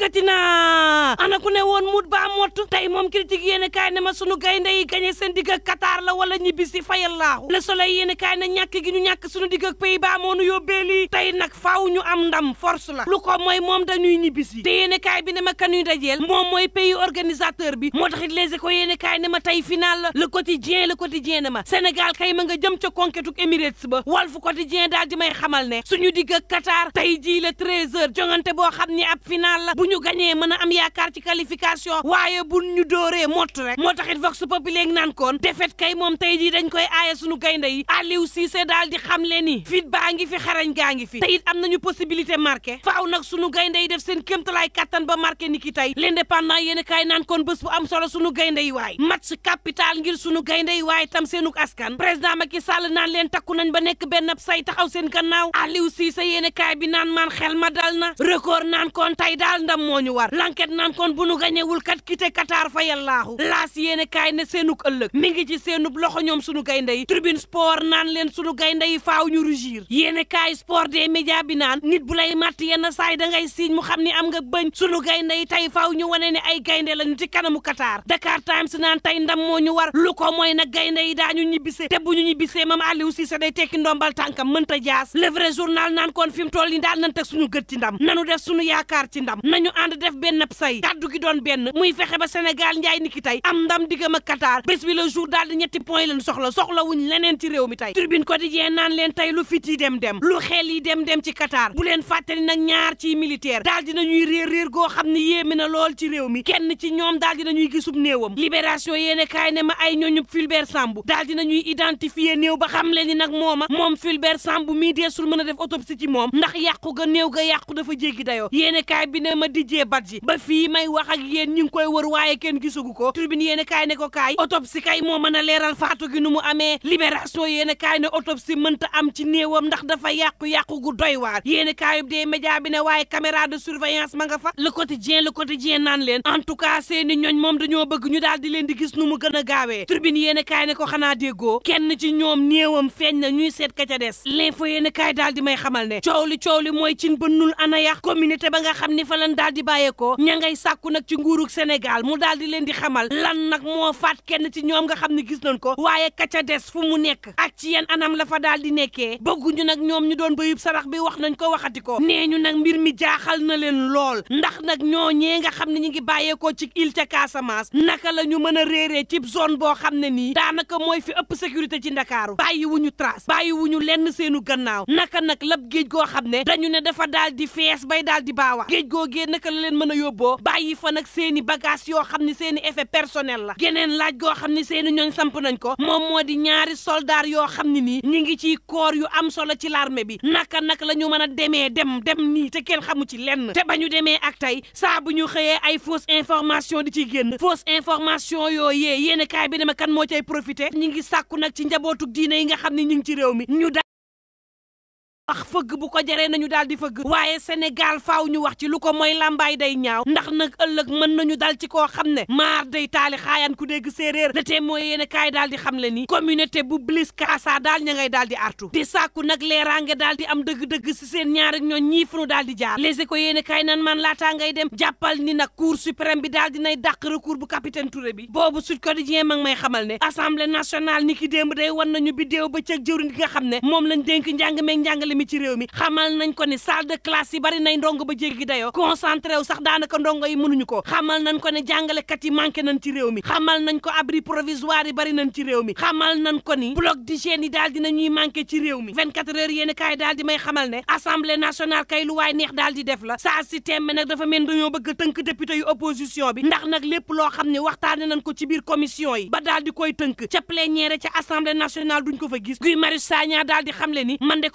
dikkati na ana ku ne woon mut ba mott tey moom critique yéen kaay ne ma sunu gaynde yi gañe seen digg ak Qatar la wala ñibbi si fayal laahu le soleil yéen kaay ne ñàkk gi ñu ñàkk sunu digg ak Pays-Bas moo nu yóbbee lii tey nag faaw ñu am ndam force la lu ko mooy moom dañuy ñibbi si te yéen kaay bi ne ma kanuy dajeel moom mooy pays organisateur bi moo taxit les échos yéen kaay ne ma tey final la le quotidien le quotidien ne ma Sénégal kay ma nga jëm ca conquête Emirates ba Walf quotidien daal di may xamal ne suñu digg ak Qatar tey jii la 13h jongante boo xam ni ab final la ñu a am yaakaar ci qualification waaye bu ñu dóoree mott rek moo taxit vox populi ngi naan koon defet kay moom tey jii dañ koy aaye suñu gaynde yi Aliou Cissé daal di xam le ni fit baa ngi fi xarañ gaa ngi fi te it am nañu possibilité marqué faaw nag suñu gaynde yi def seen kéemtalaay kattan ba marqué ni ki tey l'indépendant yéen kaay naan koon bés bu am solo suñu gaynde yi waay match capital ngir suñu gaynde yi waaye tam seenuk askan président Macky Sall naan leen takku nañ ba nekk benn say taxaw seen gannaaw Aliou Cissé yéen kaay bi naan maan xel ma dal na record ndam moo ñu war l'enquête naan kon bu nu gañewul kat kite Qatar fa yallaahu laas yéene kaay ne seenuk ëllëg mi ci seenub loxo ñoom sunu gaynde yi tribune sport naan leen sunu gaynde yi faaw ñu rugir yéene kaay sport bi naan nit bu lay màtt da ngay siiñ mu xam ni am nga bëñ sunu gaynde yi tey faaw ñu wane ne ay gaynde lañu ci kanamu Qatar Dakar Times naan tey ndam moo ñu war lu ko mooy nag gaynde daa daañu ñibbisee te bu ñu ñibbisee mam Aliou Cissé day tekki ndombal tànkam mënta jaas le vrai naan kon fi mu yi daal nan teg suñu gët ci ndam nanu def suñu ñu ànd def benn say kàddu gi doon benn muy fexe ba Sénégal njaay niki tey am ndam diggam ak Qatar bés bi le jour daal ñetti point leen soxla soxla wuñ leneen ci réew mi tey Tribune Quotidien naan leen tey lu fit yi dem dem lu xel yi dem dem ci Qatar bu leen fàttali nag ñaar ciy militaire daal di nañuy réer réer goo xam ne yéeme na lool ci réew mi kenn ci ñoom daal di nañuy gisub néewam libération yéene kaay ne ma ay ñooñu Fulbert Sambou daal na ñuy identifier néew ba xam leen ni nag mooma moom Fulbert Sambou mii deesul mën a def autopsie ci moom ndax yàqu ga néew ga yàqu dafa Didier Badji ba fii may wax ak yéen ñu ngi waaye kenn gisugu ko turbine yéen kaay ne ko kaay autopsie kay moo mën a leeral faatu gi amee libération yéen kaay ne autopsie mënta am ci néewam ndax dafa yàqu-yàqu gu doy waar yéen kaayub dee média bi ne waaye caméra de surveillance ma nga fa le quotidien le quotidien naan leen en tout cas seeni ñooñ moom dañoo bëgg ñu daal di leen di gis nu mu gën a gaawee turbine yéen kaay ne ko xanaa déggoo kenn ci ñoom na ñuy seet ka ca des l'info yéen kaay daal di may xamal ne coow li coow daal di bàyyeekoo ña ngay sàkku nag ci nguuruk Sénégal mu daal di leen di xamal lan nag moo faat kenn ci ñoom nga xam ne gis nañ ko waaye kaca des fu mu nekk ak ci yenn anam la fa daal di nekkee bëgguñu nag ñoom ñu doon bayu sarax bi wax nañ ko waxati ko nee ñu nag mbir mi jaaxal na leen lool ndax nag ñoo ñee nga xam ne ñu ngi bàyyeekoo ci île ca Casamance naka la ñu mën a réeree ci zone boo xam ne nii daanaka mooy fi ëpp sécurité ci Ndakaaru bàyyi wuñu trace lenn seenu gannaaw naka nag lab géej goo xam ne dañu ne dafa daal di fees bay daal di baawaa géej goo naka la leen mën a yóbboo bàyyi fa nag seen i bagage yoo xam ni seen i effet personnel la geneen laaj goo xam ni seen i samp nañ ko moom moo di ñaari soldaar yoo xam ne nii ñi ngi ci corps yu am solo ci l'armée bi naka naka la ñu mën a demee dem dem nii te kenn xamu ci lenn te ba ñu demee ak tey saabu ñu xëyee ay fausse information di ciy génn fausse information yoo yéen kaay bi ne ma kan moo cay profité ñi ngi sàkku nag ci njabootu diine yi nga xam ne ñi ngi ci réew mi ñu ax fëgg bu ko jaree nañu daal di fëgg waaye Sénégal faaw ñu wax ci lu ko mooy lambaay day ñaaw ndax nag ëllëg mën nañu dal ci koo xam ne maar day taali xaayaan ku dégg séeréer le tee mooy yéen kaay daal di xam le ni communauté bu blis kaasa daal ña ngay daal di artu di sàkku nag leeraange daal di am dëgg-dëgg si seen ñaari ñoon ñii fu nu daal di jaar les éco yéen kaay nan man laataa ngay dem jàppal ni nag cour suprême bi daal dinay dàq recours bu capitaine mi ci réew mi xamal nañ ko ni salle de classe yi bari nay ndongo ba jéggi dayoo concentré wu sax daanaka ndongo yi mënuñu ko xamal nañ ko ne jàngalekat yi manqué nañ ci réew mi xamal nañ ko abri provisoire yi bari nañ ci réew mi xamal nañ ko ni bloc d'hygiène yi daal dina ñuy manqué ci réew mi 24 heures yéen kaay daal di may xamal ne assemblée nationale kay lu waay neex daal di def la saa si tembe nag dafa mel dañoo bëgg tënk député yu opposition bi ndax nag lépp loo xam ne waxtaane nañ ko ci biir commission yi ba daal koy tënk ca plénière ca assemblée nationale duñ ko fa gis Guy Marius Sagna daal di ni man de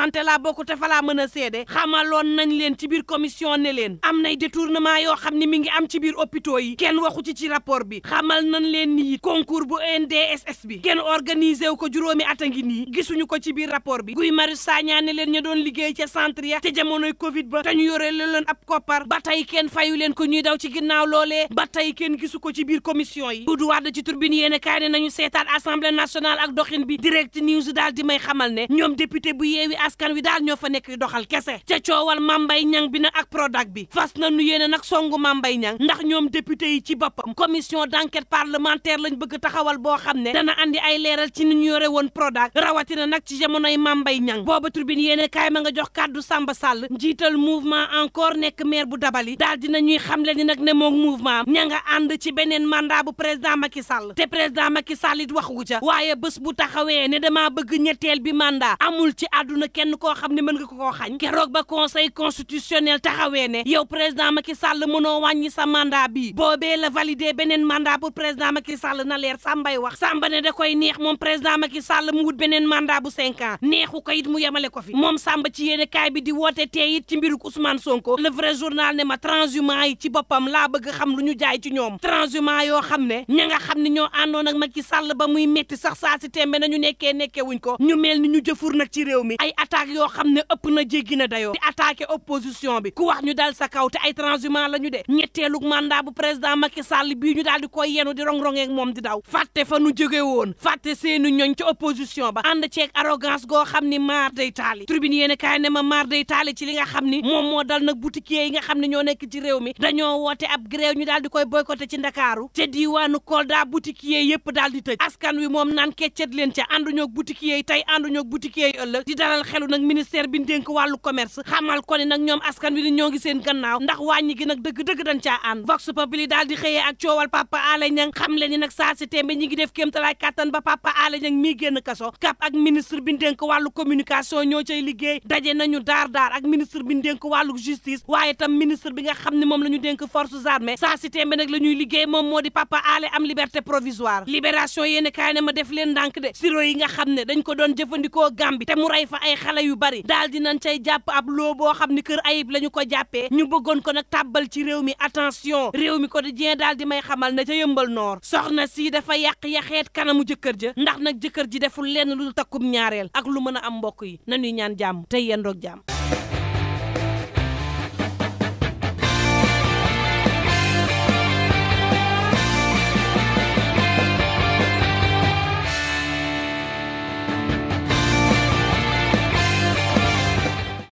santé laa bokk te fa laa mën a seede xamaloon nañ leen ci biir commission ne leen am nay détournement yoo xam ni mi ngi am ci biir hôpitaux yi kenn waxu ci ci rapport bi xamal nañ leen ni concours bu e NDSS bi kenn organisé wu ko juróomi at a ngi gisuñu ko ci biir rapport bi Guy Marius Sagna ne leen ñu doon liggéey ca centre ya te jamonoy Covid ba te ñu yore leen ab koppar ba tey kenn fayu leen ko ñuy daw ci ginnaaw loole ba tey kenn gisu ko ci biir commission yi. Doudou Wade ci turbine yéen a kaay ne nañu seetaan assemblée nationale ak doxin bi direct news daal di may xamal ne ñoom député bu yeewi askan wi daal ñoo fa nekk di doxal kese ca coowal mambay ñang bi nag ak Prodac bi fas na nu yéene nag songu mambay ñang ndax ñoom député yi ci boppam commission d'enquête parlementaire lañ bëgg taxawal boo xam ne dana andi ay leeral ci ni ñu yore woon Prodac rawatina nag ci jamonoy mambay ñang booba tribune yéene kaay ma nga jox kàddu Samba Sall njiital mouvement encore nekk maire bu dabali daal dina ñuy xamle ni nag ne moom mouvement ña nga ànd ci beneen mandat bu président Macky Sall te président Macky Sall it waxu ca waaye bés bu taxawee ne dama bëgg bi mandat kenn koo xam ne mën nga ko koo xañ keroog ba conseil constitutionnel taxawee ne yow président Macky Sall mënoo wàññi sa mandat bi boobee la validé beneen mandat pour président Macky Sall na leer sàmbay wax sàmba ne da koy neex moom président Macky Sall mu wut beneen mandat bu cinq ans neexu ko it mu yemale ko fi moom sàmba ci yéene kaay bi di woote tey it ci mbiru Ousmane Sonko le vrai journal ne ma transhumant yi ci boppam laa bëgg xam lu ñu jaay ci ñoom transhumant yoo xam ne ña nga xam ne ñoo àndoon ak Macky Sall ba muy metti sax saa si tembe nañu nekkee nekkee wuñ ko ñu mel ni ñu jëfur nag ci réew mi ay attaques yoo xam ne ëpp na jéggi na dayoo attaqué opposition bi ku wax ñu dal sa kaw te ay transhumant la ñu de ñetteelu mandat bu président Macky Sall bii ñu daal di koy yenu di rong-rongee ak moom di daw fàtte fa nu jóge woon fàtte seeni ñoñ ci opposition ba ànd ceeg arrogance goo xam ni maar day taali tribune yéen kaay ne ma maar day taali ci li nga xam ni moom moo dal nag boutiquier yi nga xam ne ñoo nekk ci réew mi dañoo woote ab grève ñu daal di koy boycotté ci ndakaaru te Kolda boutiquier yëpp daal di tëj askan wi moom naan keccet leen ca ànduñoog boutiquier tey ànduñoog boutiquier yi di dalal xelu nag ministère bi dénk wàllu commerce xamal ko ne nag ñoom askan wi ni ñoo ngi seen gannaaw ndax wàññi gi nag dëgg-dëgg dañ caa ànd vox populi daal di xëyee ak coowal papa Alé Niang xam le ni nag saa si tembe ñi ngi def kéemtalaay kàttan ba papa Alé Niang mii génn kaso kap ak ministre bi dénk wàllu communication ñoo cay liggéey daje nañu daar daar ak ministre bi dénk wàllu justice waaye tam ministre bi nga xam ne moom la ñu dénk forces armées saa si tembe nag la ñuy liggéey moom moo di papa Alé am liberté provisoire libération yéen kaay ma def leen ndànk de siro yi nga xam ne dañ ko doon jëfandikoo Gambie mu rey fa xale yu bari daal di nañ cay jàpp ab loo boo xam ni kër ayib la ñu ko jàppee ñu bëggoon ko nag tàbbal ci réew mi attention réew mi quotidien daal di may xamal na ca yëmbal noor soxna si dafa yàq yaxeet kanamu jëkkër ja ndax nag jëkkër ji deful lenn lu takkum ñaareel ak lu mën a am mbokk yi nañuy ñaan jàmm tey yendoog jàmm